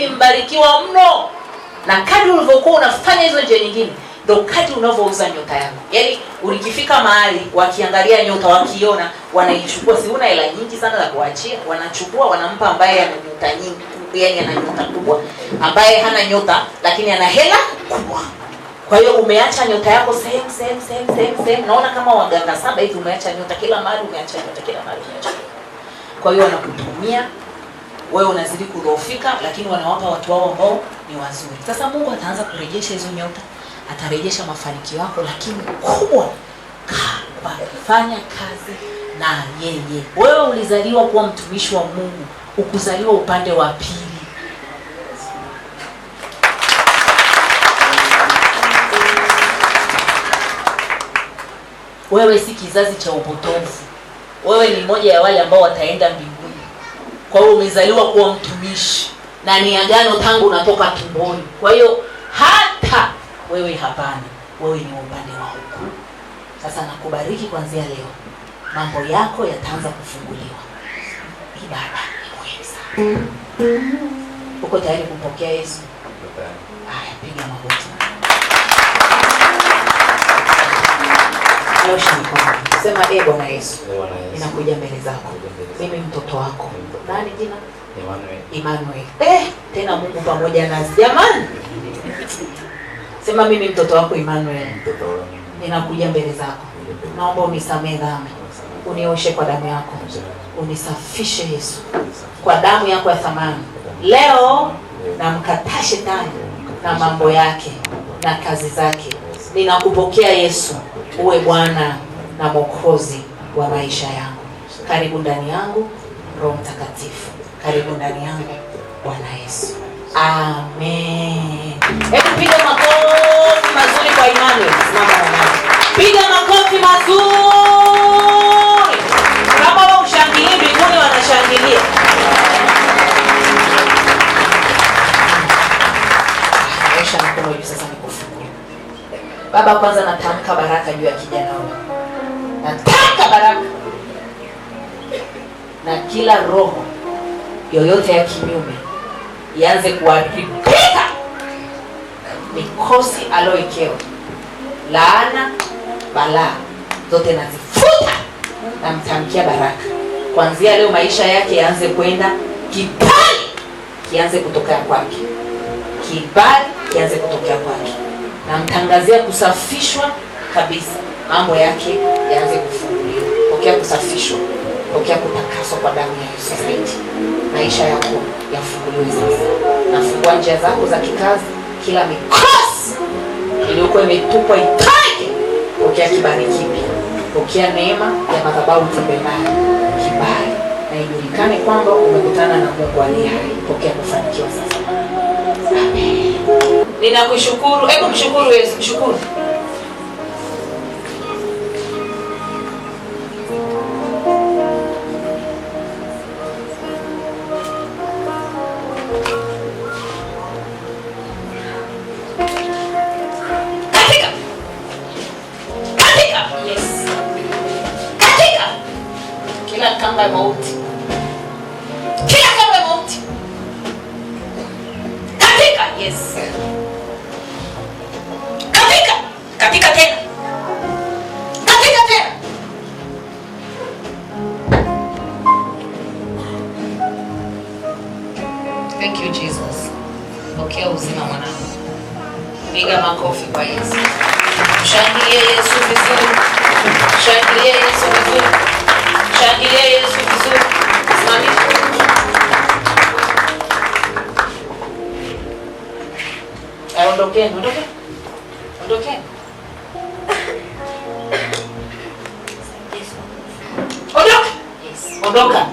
ni mbarikiwa mno, na kadri ulivyokuwa unafanya hizo njia nyingine ndo kadri unavyouza nyota yako. Yaani ulikifika mahali wakiangalia nyota, wakiona wanaichukua, si una hela nyingi sana za kuachia, wanachukua wanampa ambaye ana nyota nyingi, yaani ana nyota kubwa, ambaye hana nyota lakini ana hela kubwa. Kwa hiyo umeacha nyota yako sehemu sehemu sehemu sehemu sehemu, naona kama waganga saba hivi, umeacha nyota kila mahali, umeacha nyota kila mahali, umeacha. Kwa hiyo wanakutumia wewe unazidi kudhoofika, lakini wanawapa watu wao ambao ni wazuri. Sasa Mungu ataanza kurejesha hizo nyota, atarejesha mafanikio yako, lakini kubwa kwa kufanya kazi na yeye. Wewe ulizaliwa kuwa mtumishi wa Mungu, ukuzaliwa upande wa pili. Wewe si kizazi cha upotofu, wewe ni moja ya wale ambao wataenda mbinguni. Kwa hiyo umezaliwa kuwa mtumishi na ni agano tangu unatoka tumboni. Kwa hiyo hata wewe hapana, wewe ni upande wa huku. Sasa nakubariki kuanzia leo, mambo yako yataanza kufunguliwa. Ibada Uko tayari kumpokea Yesu? Haya, piga magoti. Sema e eh, eh, Bwana Yesu, ninakuja mbele zako, mimi mtoto wako. Nani jina? Emmanuel. Emmanuel. Eh, tena Mungu pamoja nasi jamani. Sema mimi mtoto wako Emmanuel, ninakuja mbele zako, naomba unisamehe dhambi, unioshe kwa damu yako, unisafishe Yesu kwa damu yako ya thamani. Leo namkataa shetani na mambo yake na kazi zake, ninakupokea Yesu uwe Bwana na mwokozi wa maisha yangu. Karibu ndani yangu Roho Mtakatifu, karibu ndani yangu Bwana Yesu. Amen. Hebu piga makofi mazuri kwa imani. Simama mwanangu, piga makofi mazuri. Kama ushangilii mbinguni, wanashangilia. mkono juu sasa, nikufungue. Baba, kwanza natamka baraka juu ya kijana wangu kila roho yoyote ya kinyume ianze kuharibika, mikosi aloekewa laana, balaa zote nazifuta, namtamkia baraka kuanzia leo. Maisha yake yaanze kwenda kibali, kianze kutokea kwake, kibali kianze kutokea kwake. Namtangazia kusafishwa kabisa, mambo yake yaanze kufunguliwa, pokea kusafishwa. Pokea kutakaswa kwa damu ya Yesu Kristo. Maisha yako yafunguliwe sasa. Nafungua njia zako za kikazi, kila mikosi iliyokuwa imetupwa itake. Pokea kibali kipya, pokea neema ya madhabahu tembemayo, kibali na ijulikane kwamba umekutana na Mungu aliye hai. Pokea kufanikiwa sasa. Amen. Ninakushukuru. Hebu mshukuru Yesu, mshukuru. katika tena katika tena. Thank you Jesus. Pokea uzima mwanangu, piga makofi kwa Yesu, shangilie Yesu vizuri, shangilie Yesu vizuri, shangilie Yesu vizuri, simamisha Ondokeni, ondokeni, ondokeni. doctor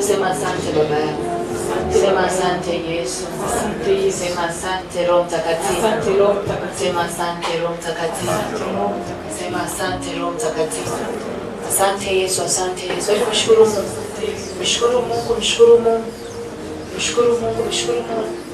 Sema asante Baba yangu, sema asante Yesu, sema asante Roho Mtakatifu, sema asante Roho Mtakatifu, sema asante Roho Mtakatifu. Asante Yesu, asante Yesu. Mshukuru Mungu, mshukuru Mungu, mshukuru Mungu, mshukuru Mungu, mshukuru Mungu.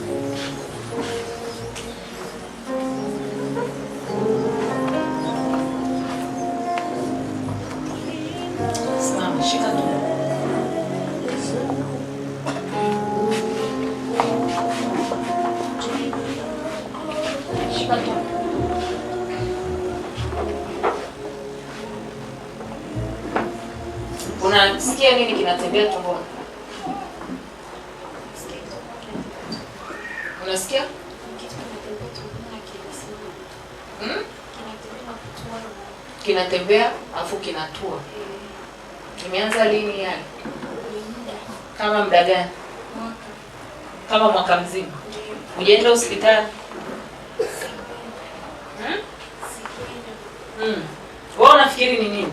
unasikia nini kinatembea tumboni? Unasikia? Hmm? Kinatembea afu kinatua. Imeanza lini yani? Kama muda gani? Kama mwaka mzima. Ujaenda hospitali? Hmm? Hmm. Wewe unafikiri ni nini?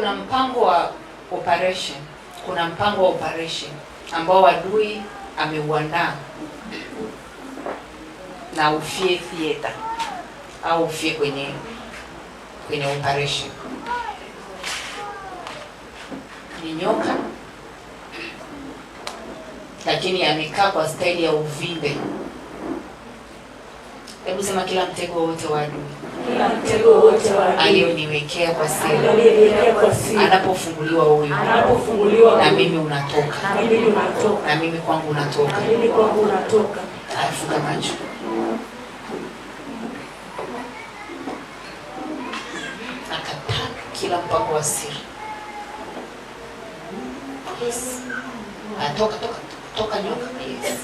kuna mpango wa operation, kuna mpango wa operation ambao adui ameuandaa na ufie theater au ufie kwenye kwenye operation ni nyoka, lakini amekaa kwa staili ya uvimbe. Hebu sema kila mtego wote wa adui na mtego aliyoniwekea kwa siri, anapofunguliwa huyu, anapofunguliwa na mimi unatoka, na mimi kwangu unatoka, na mimi kwangu Kila mpango wa siri atoka, toka, toka nyoka. Yes.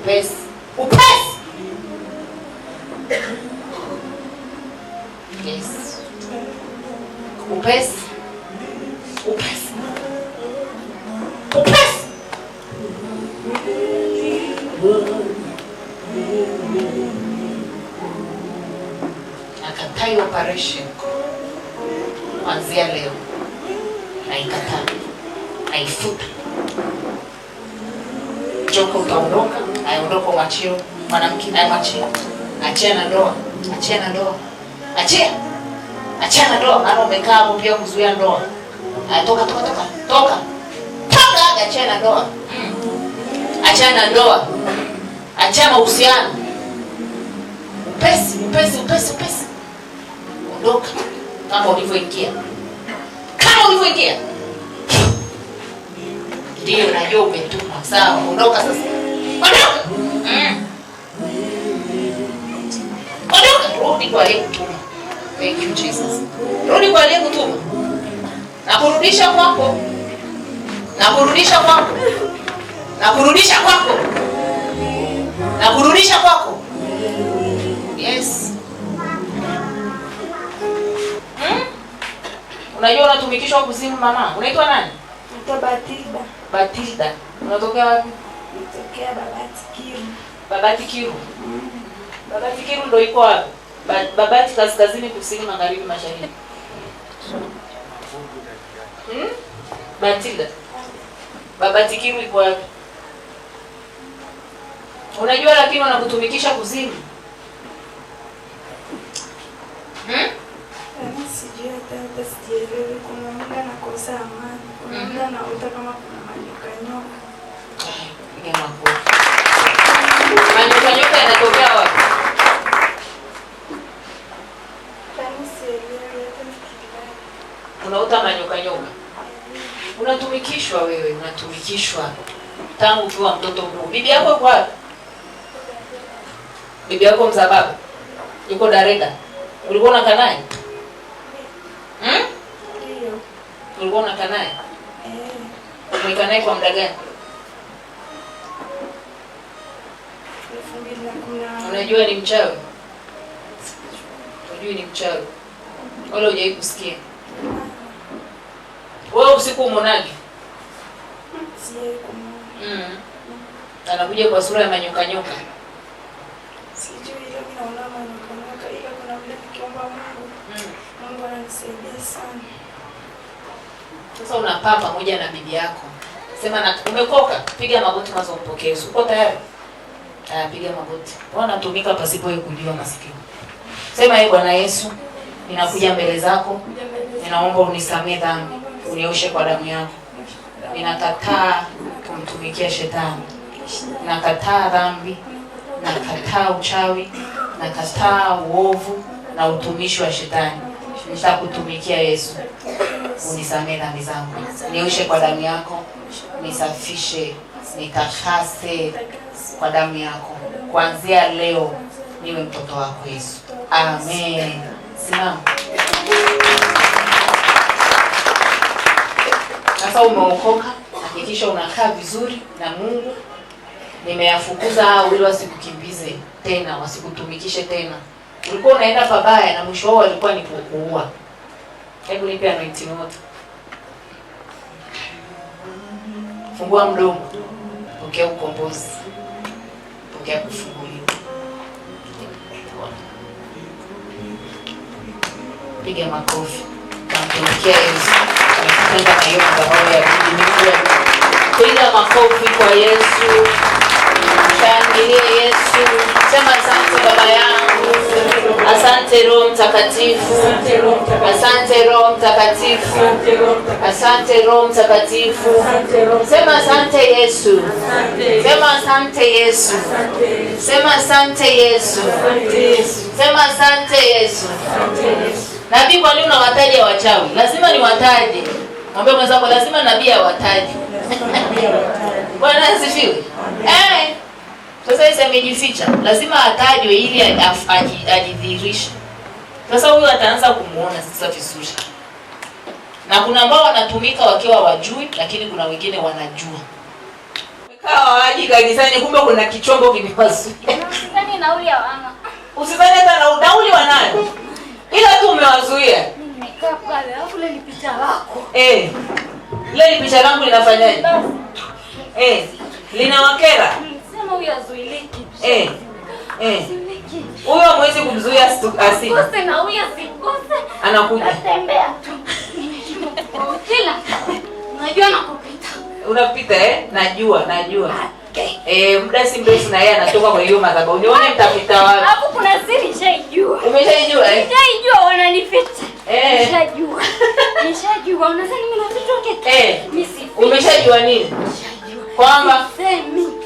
upesi upesi. Yes. Upesi upesi upesi. Nakatai operation kuanzia leo, naikataa, naifuta. Joka utaondoka aondoka mwachio, mwanamke naye mwachia, achia na ndoa, achia na ndoa, achia, achia na ndoa, maana umekaa hapo pia kuzuia ndoa. Atoka ah, toka toka toka toka, achia na ndoa, hmm. achia na ndoa, achia mahusiano, upesi upesi upesi upesi, ondoka kama ulivyoingia, kama ulivyoingia. Ndio, najua umetumwa. Sawa, ondoka sasa. Rudi kwa aliyekutuma na kurudisha kwako na kurudisha kwako na kurudisha kwako na kurudisha kwako. Yes. Hmm? Unajua unatumikishwa kuzimu mama. Unaitwa nani? Batilda. Batilda. Unatokea wapi? Nitokea Babati Kiru. Babati Kiru. Mm. Babati Kiru ndio iko wapi? Babati kaskazini, kusini, magharibi, mashariki. Hmm? Matilda. Babati Kiru iko wapi? Unajua lakini wanakutumikisha kuzini. Hmm? Sijui hata sijielewi, kuna muda nakosa amani, kuna muda naota kama kuna manyoka nyoka. Piga makofi. Manyoka nyoka yanatokea wapi? Unaota manyoka nyoka. Unatumikishwa wewe, unatumikishwa tangu ukiwa mtoto mdogo. Bibi yako yuko Bibi yako mzababu yuko Dareda. Ulikuwa unakaa naye? Hmm? Ulikuwa unakaa naye? Eh. Umekaa naye kwa muda gani? Unajua ni mchawi? Unajui ni mchawi? Wala hujawahi kusikia wewe? Usiku umonaje? Mm. Anakuja kwa sura ya manyoka nyoka. Sijui ile ninaona manyoka nyoka, ila kuna nikiomba Mungu. Mm. Mungu ananisaidia sana. Sasa unapaa pamoja na bibi yako. Sema na umekoka, piga magoti mazo umpokee. Uko tayari? anapiga eh, magoti, wanatumika pasipo yeye kujua. Masikini sema yeye, Bwana Yesu, ninakuja mbele zako, ninaomba unisamee dhambi, unioshe kwa damu yako. Ninakataa kumtumikia shetani, nakataa dhambi, nakataa uchawi, nakataa uovu na utumishi wa shetani. Nitakutumikia Yesu, unisamee dhambi zangu, nioshe kwa damu yako, nisafishe, nitakase kwa damu yako, kuanzia leo niwe mtoto wako Yesu. Amen. Simama. Sasa umeokoka, hakikisha unakaa vizuri na Mungu. Nimeyafukuza hao ili wasikukimbize tena, wasikutumikishe tena. Ulikuwa unaenda pabaya na mwisho wao walikuwa ni kukuua. Hebu nipe anointing water. Fungua mdomo, pokea ukombozi ya kufunguliwa. Piga makofi, namtumikia Yesu. Tunafunga na hiyo madhabahu ya bidii. Piga makofi kwa Yesu, shangilie Yesu, sema asante baba yangu. Asante Roho Mtakatifu, asante Roho Mtakatifu, asante Roho Mtakatifu. Sema asante Yesu, sema asante Yesu, sema asante Yesu, sema asante Yesu. Nabii, kwa nini unawataja wachawi? Lazima ni wataje. Mwambie mwenzako, lazima nabii awataje. Bwana asifiwe. Eh. Sasa yeye amejificha, lazima atajwe ili ajidhihirishe. Sasa huyu ataanza kumuona sasa vizuri, na kuna ambao wanatumika wakiwa wajui, lakini kuna wengine wanajua kawaji kanisani, kumbe kuna kichombo kinipasua. Usizani hata na udauli wanayo, ila tu umewazuia lile e, picha langu linafanyaje? Eh, linawakera eh eh, huyo hamwezi kumzuia asi, ah, anakuja anatembea tu kila unajua nakupita, unapita eh, najua najua Eh, muda si mrefu na yeye anatoka kwa hiyo madhabahu. Nione mtapita wapi? Hapo kuna siri shaijua. Umeshaijua eh? Shaijua wananificha. Eh. Nishajua. Nishajua. Unasema mimi nafichwa kete. Eh. Mimi si. Umeshajua nini? Nishajua. Kwamba sema